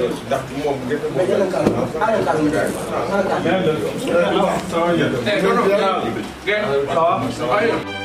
ndax moom ngeen ko. mais jëloon kàlla moom àll kàlla moom. àll kàlla moom.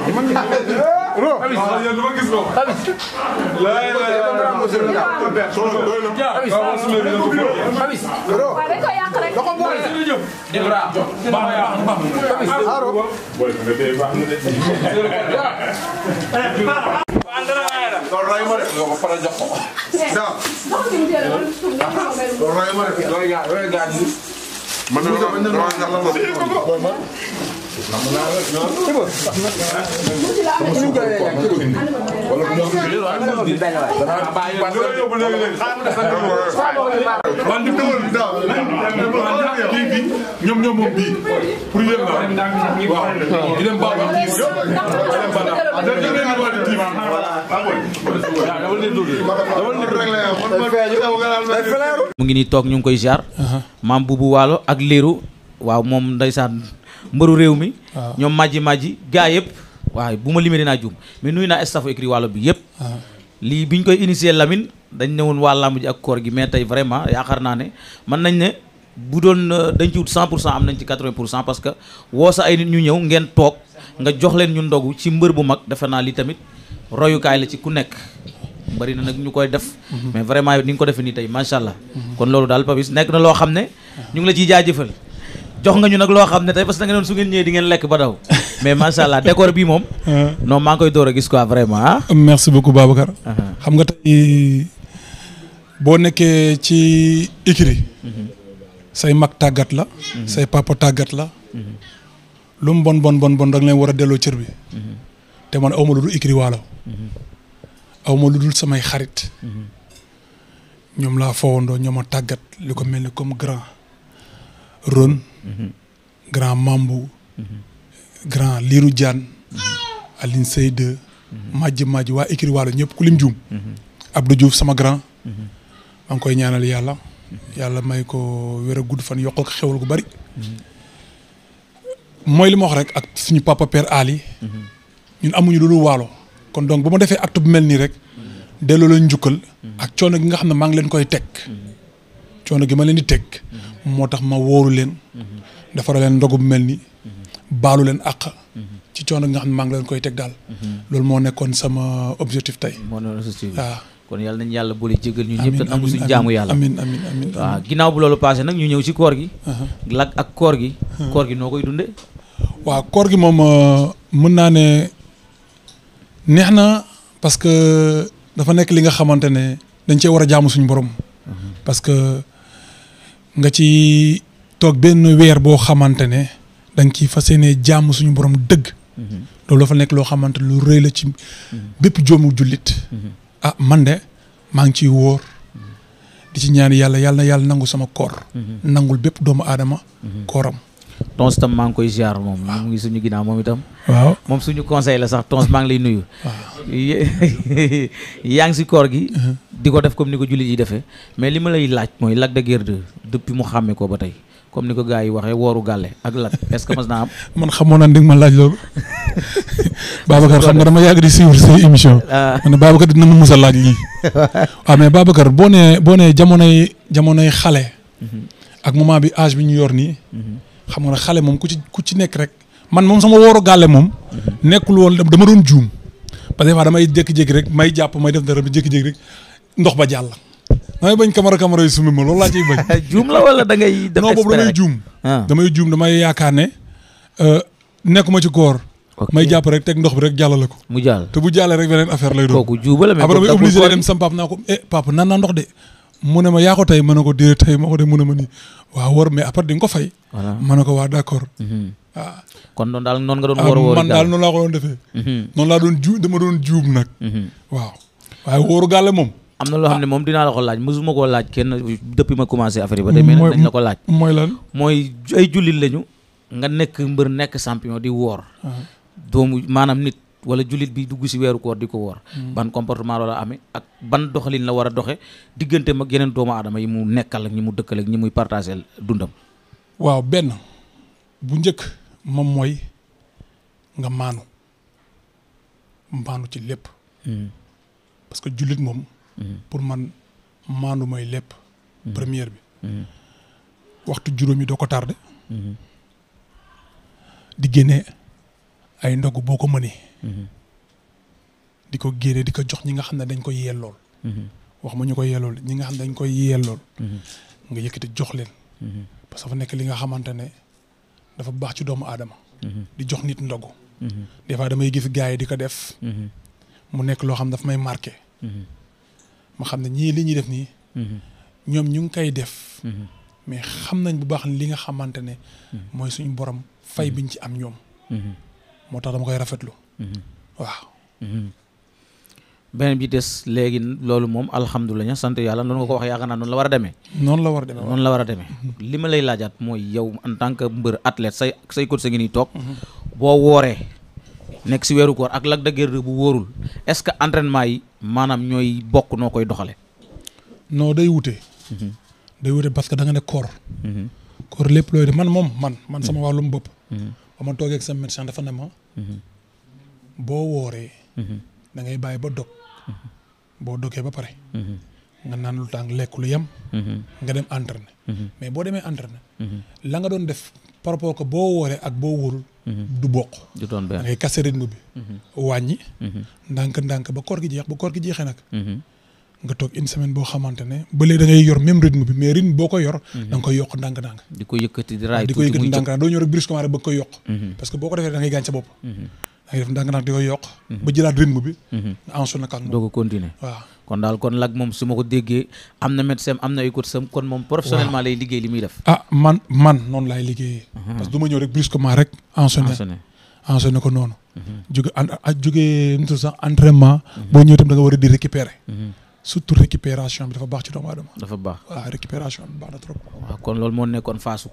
man mii ro. Habis. mu ngi nii toog ñu ngi koy ziar maam buubu waalo ak liiru waaw moom ndeysaan mbëru réew mi ah. ñoom majji majji gars yëpp waaw bu ma limee dinaa juum mais nuyu naa staff écrit wàllo bi yëpp ah. lii biñ koy initier Lamine dañ ne woon waa làmb ji ak koor gi mais tey vraiment yaakaar naa ne mën nañ ne bu doon euh, dañ ci wut pour cent am nañ ci 80 pour cent parce que woo sa ay nit ñu ñëw ngeen toog nga jox leen ñu ndogu ci mbër bu mag defe naa li tamit royukaay la ci ku nekk bari na nag ñu koy def mhm. mais vraiment ni nga ko defee nii tey macha allah mhm. kon loolu daal nekk na loo xam ne ah. ñu ngi la ciy jaajëfal jox nga ñu nag loo xam ne tey parce que da nga doon su ngeen ñëwee di ngeen lekk ba daw mais macha allah décor bi moom. Ah. non maa koy door a gis quoi vraiment. Ah. merci beaucoup Babacar. Ah. xam nga tey boo nekkee ci écrit mhm. say mag tàggat la. Mhm. say papa tàggat la. Mhm. lu mu bon bon bon bon da leen war a delloo cër bi. te man aw ma lu dul écrit waalo. aw ma lu dul samay xarit. ñoom laa fowandoo ñoom a tàggat li ko mel ni comme grand ron. grand Mambu. grand Lirou Diane. Aline Seyde. Majj Majj waa Ikri Waalo ñëpp ku lim juum. Abdou Diouf sama grand. maa ngi koy ñaanal yàlla. yàlla may ko wér a gudd fan yokkal ko xewal gu bari. mooy li ma wax rek ak suñu papa père Ali. ñun amuñu lu dul waalo. kon donc bu ma defee actu bu mel nii rek. delloo leen njukkal. ak coono gi nga xam ne maa ngi leen koy teg. coono gi ma leen di teg. moo tax ma wóoru leen defara leen ndogu bu mel ni baalu leen àq ci coono nga xam ne maa ngi leen koy teg daal loolu moo nekkoon sama objectif tey waaw kon yàlla nañ yàlla boole jégal ñu ñëpp te nangu yàlla amiin amiin amiin waaw ginnaaw bu loolu passé nag ñu ñëw ci koor gi uh-huh. lak ak koor gi uh-huh. koor gi noo koy dunde waaw koor gi moom uh, mën naa ne neex na parce que dafa nekk li nga xamante ne dañ cee war a jaamu suñ borom uh-huh. parce nga ci toog benn weer boo xamante ne da nga ciy fas yéene jàmm suñu borom dëgg. Mhm. loolu fa nekk loo xamante ne lu rëy la ci mhm. bépp joomu jullit. Mhm. ah man de maa ngi ciy wóor. di ci ñaan yàlla yàlla na yàlla nangu sama koor. nangul bépp doomu aadama kooram. tons tam maa ngi koy ziar moom mu ngi suñu ginnaaw moom itam waaw moom suñu conseil la sax tons maa ngi lay nuyu yaa ngi si koor gi uh-huh. di ko def comme ni ko jullit yi defee mais li ma lay laaj mooy Lac de Guiers 2 mu xàmme ko ba tey comme ni ko gars yi waxee wooru gàlle ak Lac est-ce que mas naa am man xamoon naa dig ma laaj loolu Babacar xam nga dama yàgg di suivre si émission ah. man ne Babacar dina ma mus a laaj lii waaw ah, mais Babacar boo nee boo nee jamonoy jamonoy xale mm-hmm. bi âge ñu yor nii mm-hmm. xam nga ne xale moom ku ci ku ci nekk rek man moom sama wooru gàlle moom nekkul woon dama doon juum parce que fois damay jékki-jékki may jàpp may def dara bi jékki ndox ba jàll damay bañ kamara kamara yu sumi ma loolu laa ciy bañ juum la wala da ngay def non boobu damay juum ah. damay juum damay yaakaar ne euh, nekkuma ci koor may jàpp rek teg ndox bi rek jàllale ko mu jàll te bu jàllee rek beneen affaire lay doon kooku juubala mais après damay obligé dem sam pap naa ko eh pap naan naa ndox de mu ne ma yaa ko tey ma ko déedéet tey ma ko de mu ma nii waaw war mais après di ko fay. voilà ko waa d' accord. Mhm. waaw kon noonu daal noonu nga doon wóor ah, wóor man daal noonu laa doon mhm. juub nag. Mhm. waaw waaye wóoru gàlle moom. am na loo xam ne ah. moom dinaa la ko laaj mosuma koo laaj kenn depuis ma commencé affaire ba tey. mais nag dañ la ko laaj. mooy lan mooy ay jullit lañu. nga nekk mbër nekk champion di woor. Ah. doomu maanaam nit. wala jullit bi dugg si weeru koor di ko woor hmm. ban comportement la amee ak ban doxalin la war a doxe diggante mag yeneen doomu aadama yi mu nekkal ak ñi mu dëkkal ak muy partagé dundam waaw benn bu njëkk moom mooy nga maanu maanu ci lépp hmm. parce que jullit moom hmm. pour man maandu mooy lépp première bi waxtu juróom yi doo ko tardé di génne ay ndogu boo ko mënee di ko génne di ko jox ñi nga xam ne dañ koy yellool mhm. wax ma ñu koy yellool ñi nga xam ne dañ koy yellool mhm. nga yëkkati jox leen mhm. parce fa nekk li nga xamante ne dafa baax ci doomu aadama di jox nit ndogu des fois damay gis gars yi di ko def mu nekk loo xam ne dafa may marqué ma xam ne ñii li ñuy def nii ñoom ñu ngi koy def mais xam nañ bu baax li nga xamante ne mooy suñu borom fay biñ ci am ñoom moo tax dama koy rafetlu Mm-hmm. waaw mm-hmm. beneen bi des léegi loolu moom alhamdulilah sant yàlla noonu nga ko wax yaakaar naa noonu la war a demee noonu la war a demee noonu war a demee mm-hmm. li ma lay laajaat mooy yow en tant que mbër athlète say say coach sa ngi nii toog boo wooree nekk si weeru koor ak lag de Guiers bu wóorul est-ce que entraînement yi maanaam ñooy bokk noo koy doxale non day wute day wute parce que da nga ne koor koor lépp looy de man moom man man sama wàllum bopp ba ma toogee ak sama boo wooree. Mhm. da ngay bàyyi ba dog. Mhm. boo dogee ba pare. Mhm. nga naan lu tàng lekk lu yem. nga dem entraîner. mais boo demee entraîner. la nga doon def par rapport que boo wooree ak boo wóorul. du bokk. du doon benn bi. wàññi. ndànk ndànk ba koor gi jeex ba koor gi jeexee nag. nga toog une semaine boo xamante ne ba yor même rythme bi mais rythme boo ko yor. da nga koy yokk ndànk ndànk. di ko yëkkati di raay tuuti di ko yëkkati ndànk ndànk doo ñëw rek brusquement ba koy yokk. parce que boo ko defee da ngay gaañ sa bopp. da ngay di koy yokk. ba jëlaat rythme bi. Mhm. nga enchaîné ak moom doo continuer kon daal kon lag moom su ma ko déggee am na médecin am na écoute sam kon moom professionnellement lay liggéey li muy def. ah man man noonu laay liggéeyee. Mhm. parce que du ma ñëw rek brusquement rek. enchaîné enchaîné ko noonu. Mhm. jóge en ak ah, jóge nu sax entraînement. boo ñëwee tam da nga war a di récupérer. surtout récupération bi dafa baax ci doomu aadama. dafa baax waaw récupération bi baax na trop. waaw kon loolu moo nekkoon phase su